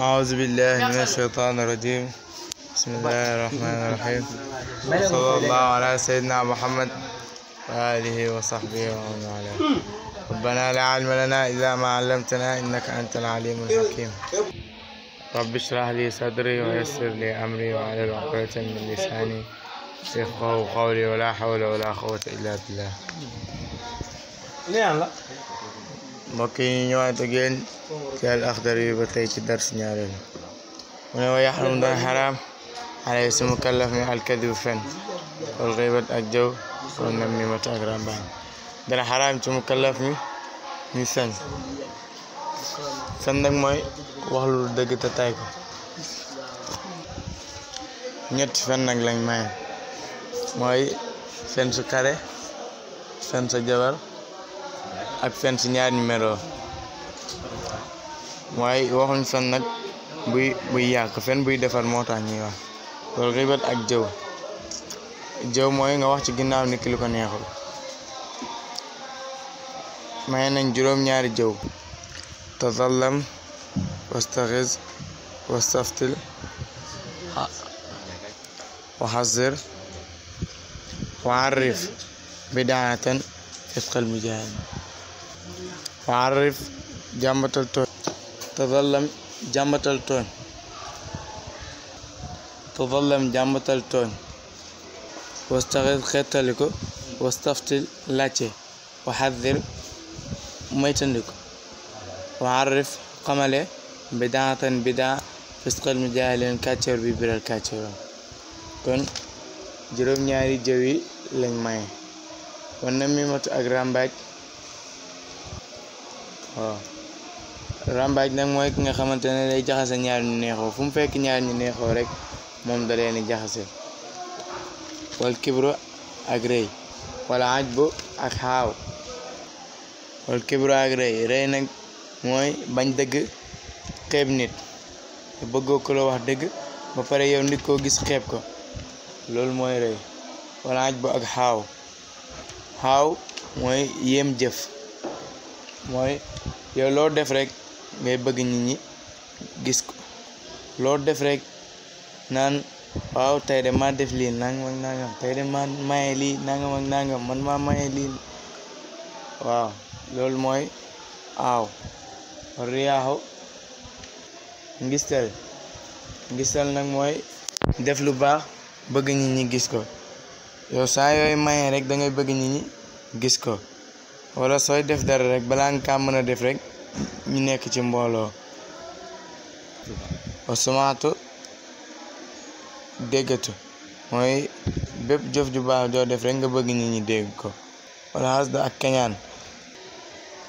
أعوذ بالله من الشيطان الرجيم بسم الله الرحمن الرحيم صلى الله على سيدنا محمد وآله وصحبه ومن والاه ربنا لا علم لنا إلا ما علمتنا إنك أنت العليم الحكيم رب اشرح لي صدري ويسر لي أمري وعلى عقدة من لساني يفقهوا قولي ولا حول ولا قوة إلا بالله mbokk yi ñëwaat ak yéen ci al axdar yi ba tey ci dars ñaareel mu ne wa yaxrum dana xaraam alay si mukallaf mi alkadibu fen ak mooy wax lu dëgg te ko ñetti fen nag lañ maye mooy fen su kare fen sa jabar ak fen si ñaari numéro waaye waxuñ san nag buy buy yàq fen buy defar moo tax ñuy wax loolu ribat ak jëw jëw mooy nga wax ci ginnaaw nit ki ko neexul may nañ juróom-ñaari jëw tazallam wastaxiz wastaftil waxazir waarif bidaatan fisqal mujahid waarif jàmbatal to tadallam jàmbatal tooñ tadallam jàmbatal tooñ wastaxir xettali ko wastafti laajte waxaddir moytandiko waarif bidaatan bidaa fisqal mi jaay leen kàccoor bi biral ñaari jëw lañ maye wan na mi matu rambaaj nag mooy ki nga xamante ne day jaxase ñaar ñu neexoo fu mu fekk ñaar ñu neexoo rek moom da leen jaxase wal kibro ak rëy wala aj bu ak xaaw wal kibro ak rëy rëy mooy bañ dëgg xeeb nit bëggoo ko la dëgg ba pare yow nit koo gis xeeb ko loolu mooy rëy ak xaaw mooy yéem jëf mooy yow loo def rek ngay bëgg nit ñi gis ko loo def rek naan waaw tey ma def lii nangam ak nangam tey de maye lii nangam ak nangam man maa maye lii waaw loolu mooy aaw riyaaxu ngistal ngistal nag mooy def lu baax bëgg nit ñi gis ko yow saa yooyu maye rek da ngay bëgg nit ñi gis ko walla sooy def dara rek balaa nga kaa mën a def rek ñu nekk ci mbooloo asamaatu déggatu mooy bépp jëf ju baax joo def rek nga bëgg ñu ñi dégg ko wala xasda ak kañaan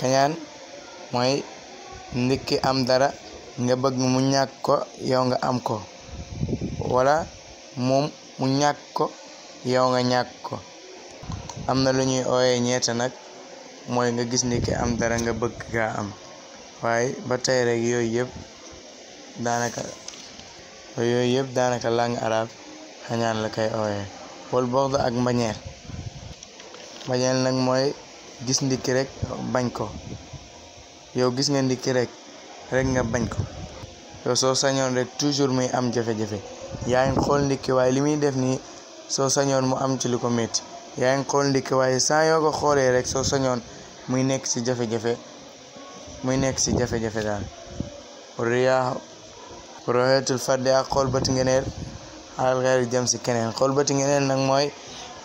kañaan mooy ndikki am dara nga bëgg mu ñàkk ko yow nga am ko wala moom mu ñàkk ko yow nga ñàkk ko am na lu ñuy ooyee ñeeta nag mooy nga gis ndikki am dara nga bëgg gaa am waaye ba tey rek yooyu yëpp daanaka yooyu yëpp daanaka langue arabe xañaan la koy ooyee wal boox ak mbañeel mbañeel nag mooy gis ndikki rek bañ ko yow gis nga ndikki rek rek nga bañ ko yow soo sañoon rek toujours muy am jafe-jafe yaa ngi xool ndikki waaye li muy def nii soo sañoon mu am ci lu ko métti yaa ngi xool ndikki waaye saa yoo ko xoolee rek soo sañoon muy nekk ci jafe-jafe muy nekk ci jafe-jafe daal riyaa roxeetul farde ak xool bati ngeneel alal xeer jëm si keneen xool bati ngeneel nag mooy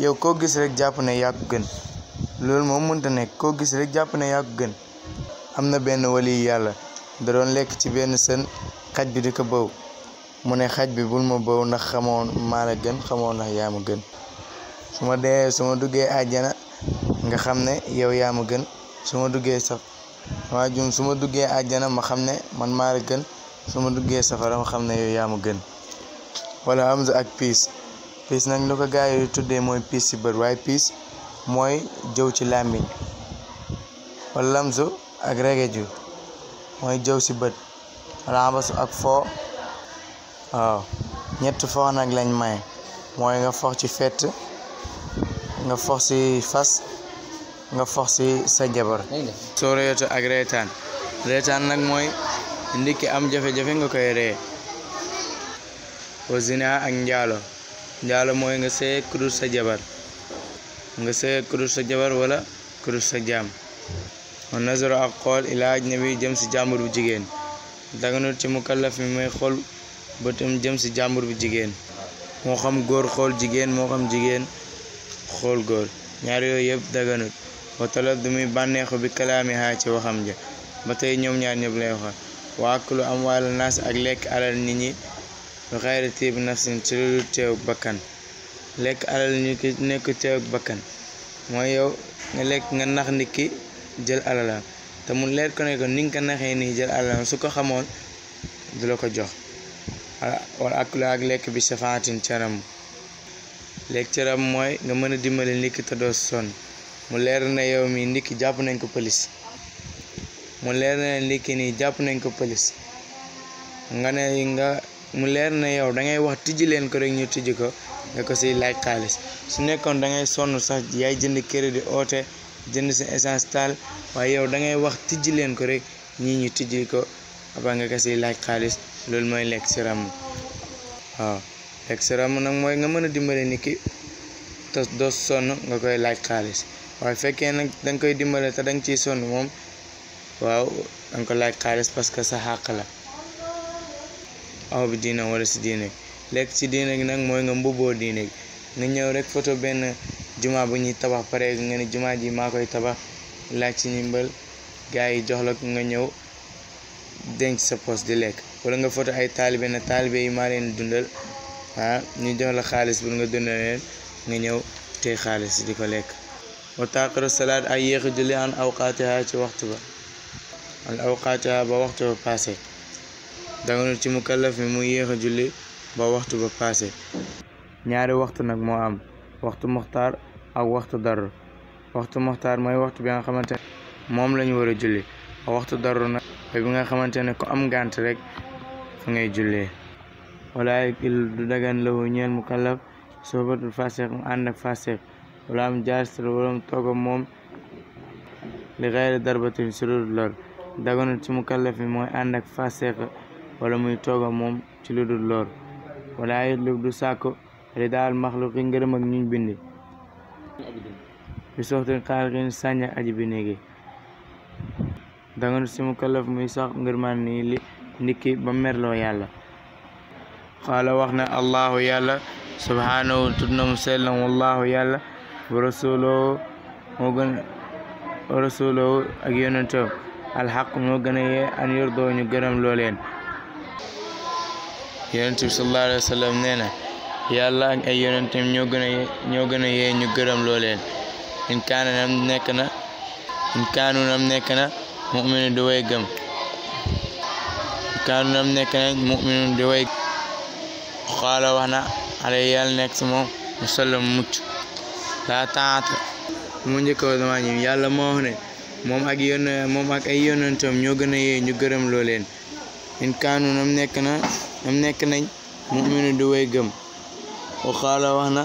yow koo gis rek jàpp ne yaa gën loolu moom mënta nekk koo gis rek jàpp ne yaa gën am na benn wali yàlla da doon lekk ci benn sën xaj bi di ko bëw mu ne xaj bi bul ma bëw ndax xamoon maa la gën xamoon ndax yaa gën su duggee àjjana nga xam ne yow yaa gën su duggee sax waa juum su ma duggee àjjana ma xam ne man maa la gën su ma duggee safara ma xam ne yow yaa ma gën wala hamza ak piis piis nañ lu ko gars tuddee mooy piis ci bët waaye piis mooy jëw ci làmmiñ wala lamzu ak regeju mooy jëw si bët wala ambasu ak foo waaw ñett fox nag lañ may mooy nga fox ci fett nga fox si fas nga fox si sa jabar soo reetu reetaan reetaan nag mooy ndikki am jafe-jafe nga koy ree wa ak njaalo njaalo mooy nga sëy ku sa jabar nga sëy ku sa jabar wala ku dul sa jaam wa nazaru ak xool ilaa ajnabi jëm si jàmbur bu jigéen daganul ci mukallaf mi mooy xool bëtam jëm si jàmbur bu jigéen moo xam góor xool jigéen moo xam jigéen xool góor ñaar yooyu yëpp daganut wa talad muy bànneexu bi kalaamihaa ci waxam ja ba tey ñoom ñaar ñëpp lay waxal wa aklu amwaal naas ak lekk alal nit ñi bi xayri tiib bakkan lekk alal nit ki nekk bakkan mooy yow nga lekk nga nax nit ki jël alalam te mu leer ko ne ni nga ko naxee nii jël alalam su ko xamoon du la ko jox wala aklu ak lekk bi safaatin caram lekk caram mooy nga mën a dimbali nit ki te doo sonn mu leer na yow mi ndikki jàpp nañ ko pëlis mu leer na ndikki nii jàpp nañ ko pëlis nga ne nga mu leer na yow da ngay wax tijji leen ko rek ñu tijji ko nga ko si laaj xaalis su nekkoon da ngay sonn sax yaay jënd crédit oote jënd si essence waaye yow da ngay wax tijji leen ko rek ñii ñu tijj ko abaa nga ko si laaj xaalis loolu mooy lekk si ràmm waaw lekk si ràmm nag mooy nga mën a dimbale nit ki te sonn nga koy laaj xaalis waaye fekkee nag da koy dimbale te danga ciy sonn moom waaw da ko laaj xaalis parce que sa xàq la aw bi diina walla si diine lekk si diine gi nag mooy nga mbubboo diine nga ñëw rek photo benn jumaa bu ñuy tabax pare nga ne juma ji maa koy tabax laaj ci ndimbal gars yi jox la nga ñëw denc sa poos di lekk wala nga photo ay taalibe na taalibe yi maa leen dundal ah ñu jox la xaalis bu nga dundal nga ñëw tey xaalis yi di ko lekk wa taaqiru salaat ay yéex a julli an awqaatiha ci waxtu ba an awqaatiha ba waxtu ba paase daganul ci mukallaf mi mu yéex a julli ba waxtu ba paase ñaari waxtu nag moo am waxtu muxtaar ak waxtu darru waxtu muxtaar mooy waxtu bi nga xamante ne moom lañu war a julli ak waxtu darru nag mooy bi nga xamante ne ku am gànt rek fa ngay jullee wala du dagan lahu ñeel mukallaf soobatul faasiq mu ànd ak faasiq wala am jaar sal walam togo moom li xayri darbatin sulul lor daganul ci mooy ànd ak faseq wala muy togo moom ci ludul lor wala yitlub du sàkko ridaal maxluqi ngërëm ak ñuñ bindi bi soxtin xaaliqin sàñña aji bi néegi daganul ci mukallaf muy sax ngërmaan nii li ndikki ba merloo yàlla allahu yàlla subhaanahu tudd na mu sellam wallahu yàlla rasuloo moo gën rasuloo ak yonentam alxaq moo gën a yee an yordoo ñu gërëm loo leen yonent bi sallallahu alayhi ay yonentam ñoo gën a yee ñu gërëm loo leen in kaana nam nekk na in na muminu di way gëm in kaanu nam nekk muminu di way xaala wax na ala yàlla nekk si moom musallam mucc la tente mu njëkk a ñi yàlla moo moom ak yon moom ak ay yonentam ñoo gën a yee ñu gërëm loo leen in kaanu nam nekk na nam nekk nañ muminu du way gëm wa qaala wax na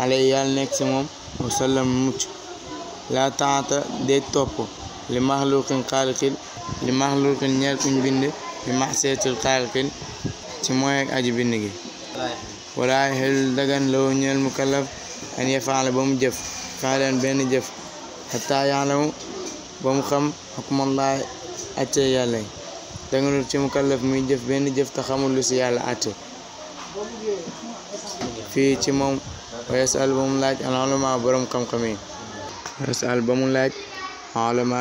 ale yàlla nekk si moom wasallam mucc la tente de topp li maxluqin xaaliqil li maxluqin ñeel kuñ bind li maxseetul xaaliqil ci mooy ak bind gi walaay xel dagan loo ñeel mukallaf an yafaala ba mu jëf xaalian benn jëf xataa yaalamu ba mu xam xukmallaahi atte yàlla muy jëf benn jëf te xamul lu si fii ci moom wa yasal ba mu laaj al ulama borom xam-xam yi yasal ba mu laaj ulama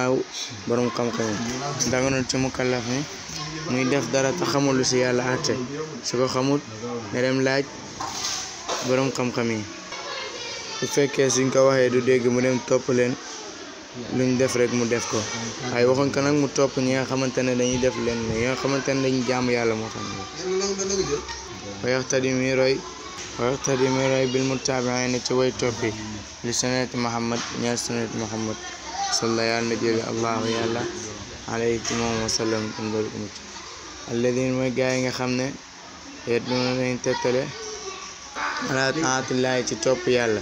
borom xam-xam ci mukallaf ni muy def dara te xamul lu si yàlla atte su ko xamul ne laaj borom xam-xam bu fekkee suñ ko waxee du dégg mu dem topp leen luñ def rek mu def ko waaye waxuñ ko nag mu topp ñi nga xamante ne dañuy def leen ñi nga xamante ne dañuy jaamu yàlla moo xam ne wayaxtadi mi roy wayaxtadi mi roy bil mutaabiina ci way toppi li sunnati Muhammad ñeel sunnati Muhammad salla yàlla na jëli allahu yàlla alayhi ci moom wasallam umdol umut alladin mooy gaa yi nga xam ne yet duna lañ tettale ala taatillahi ci topp yàlla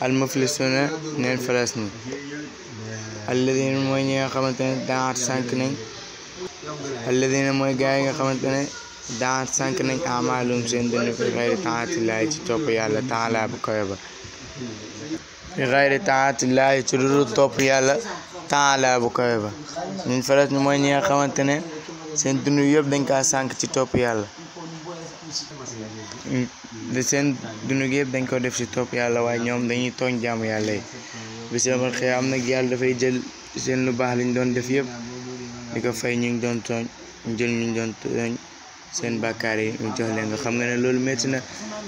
al neen falas ni alladina mooy ñi nga xamante ne daat sànq nañ mooy gaa yi nga xamante ne daat sànq nañ amaalum seen dund fi xayri taatillaay ci topp yàlla taala bu kawe ba fi xayri taatillaay ci topp yàlla taala bu kawe ba ñun falas ni mooy ñi nga xamante ne seen dund yëpp dañ kaa sànq ci topp yàlla de seen dunu gépp dañ ko def ci topp yàlla waaye ñoom dañuy tooñ jaamu yàlla yi bis amal xëy am nag yàlla dafay jël seen lu baax lañu doon def yëpp di ko fay ñu ngi doon tooñ ñu jël seen bàkkaar yi ñu jox leen nga xam nga ne loolu métti na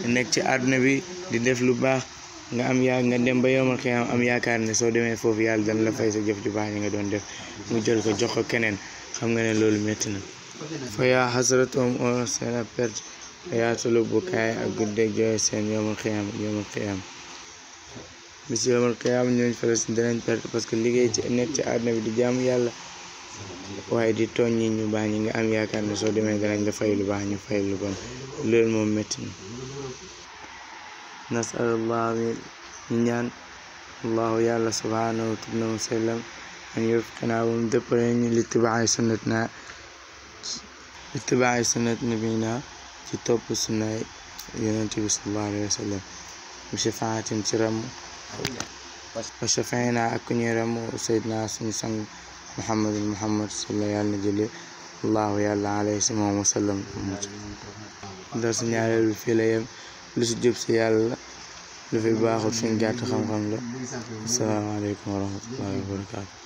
nekk ci àdduna bi di def lu baax nga am yaa nga dem ba yomal xëy am yaakaar ne soo demee foofu yàlla la fay sa ju baax yi nga doon def mu jël ko jox ko keneen xam nga ne loolu métti oh, perte yaatulu bukaay ak guddeeg jooy seen yoomal xiyaam yoomal xiyaam bis yoomal xiyaam ñooñ fale si danañ perte parce que liggéey ci nekk ci àdduna bi di jaamu yàlla waaye di tooñ ñu baax ñi am yaakaar ne soo demee danañ la fay lu baax ñu fay lu bon loolu moom métti na nasalullah ñu ñaan allahu yàlla subhanahu wa sallam an yufqinaa ba mu dëppale ñu sunnat nabina ci topp sunna yonent bi sallallahu alayhi wa bi shafaatin ci ram wa shafaina ak ku ñuy ram sayyidna suñu sang muhammad muhammad sallallahu yàlla na jële allahu yàlla alayhi si moom wa sallam dar si ñaareelu la yem lu si jub si yàlla lu fi baaxul suñ gàtt xam-xam la asalaamaaleykum wa rahmatullahi wa